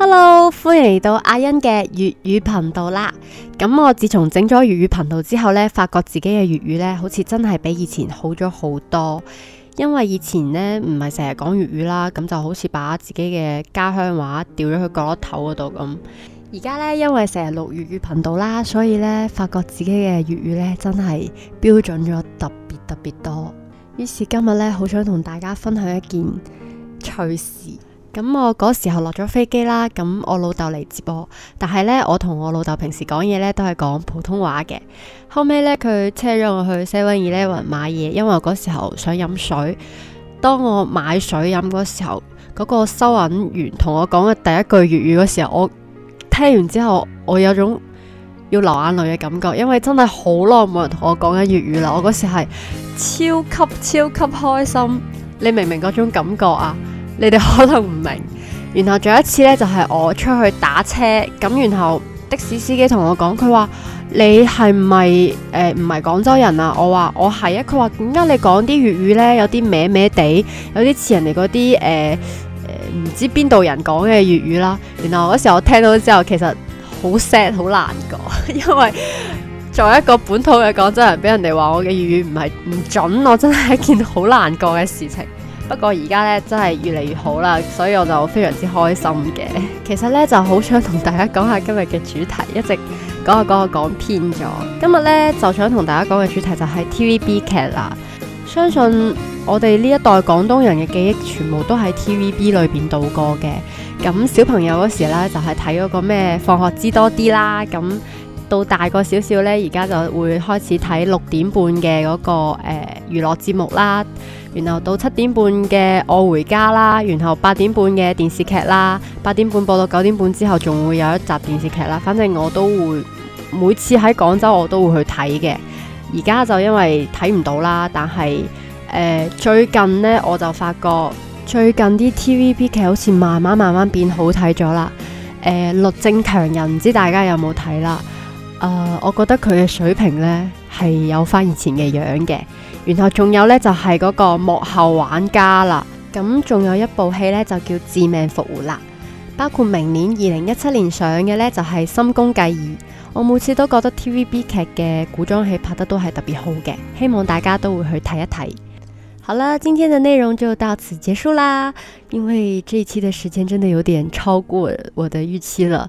Hello，歡迎嚟到阿欣嘅粵語頻道啦。咁我自從整咗粵語頻道之後呢，發覺自己嘅粵語呢，好似真係比以前好咗好多。因為以前呢唔係成日講粵語啦，咁就好似把自己嘅家鄉話掉咗去角落頭嗰度咁。而家呢，因為成日錄粵語頻道啦，所以呢發覺自己嘅粵語呢真係標準咗特別特別多。於是今日呢，好想同大家分享一件趣事。咁我嗰時候落咗飛機啦，咁我老豆嚟接我，但係呢，我同我老豆平時講嘢呢都係講普通話嘅，後尾呢，佢車咗我去 Seven Eleven 買嘢，因為我嗰時候想飲水。當我買水飲嗰時候，嗰個收銀員同我講嘅第一句粵語嗰時候，我聽完之後，我有種要流眼淚嘅感覺，因為真係好耐冇人同我講緊粵語啦。我嗰時係超級超級開心，你明唔明嗰種感覺啊？你哋可能唔明，然後仲有一次呢，就係我出去打車咁，然後的士司機同我講，佢話你係咪誒唔係廣州人啊？我話我係啊，佢話點解你講啲粵語呢？有啲咩咩地，有啲似人哋嗰啲誒唔知邊度人講嘅粵語啦。然後嗰時候我聽到之後，其實好 sad 好難過，因為作為一個本土嘅廣州人，俾人哋話我嘅粵語唔係唔準，我真係一件好難過嘅事情。不過而家咧真係越嚟越好啦，所以我就非常之開心嘅。其實咧就好想同大家講下今日嘅主題，一直講下講下講偏咗。今日咧就想同大家講嘅主題就係 TVB 劇啦。相信我哋呢一代廣東人嘅記憶全部都喺 TVB 裏邊度過嘅。咁小朋友嗰時咧就係睇嗰個咩放學知多啲啦，咁。到大個少少呢，而家就會開始睇六點半嘅嗰、那個誒、呃、娛樂節目啦。然後到七點半嘅《我回家》啦，然後八點半嘅電視劇啦。八點半播到九點半之後，仲會有一集電視劇啦。反正我都會每次喺廣州我都會去睇嘅。而家就因為睇唔到啦，但係誒、呃、最近呢，我就發覺最近啲 TVB 劇好似慢慢慢慢變好睇咗啦。誒、呃、《律政強人》唔知大家有冇睇啦？誒，uh, 我覺得佢嘅水平呢係有翻以前嘅樣嘅，然後仲有呢，就係、嗰個幕後玩家啦。咁仲有一部戲呢，就叫《致命復活》啦，包括明年二零一七年上映嘅呢，就係《深宮計二》。我每次都覺得 TVB 劇嘅古裝戲拍得都係特別好嘅，希望大家都會去睇一睇。好啦，今天嘅內容就到此結束啦，因為這一期的時間真的有點超過我的預期了。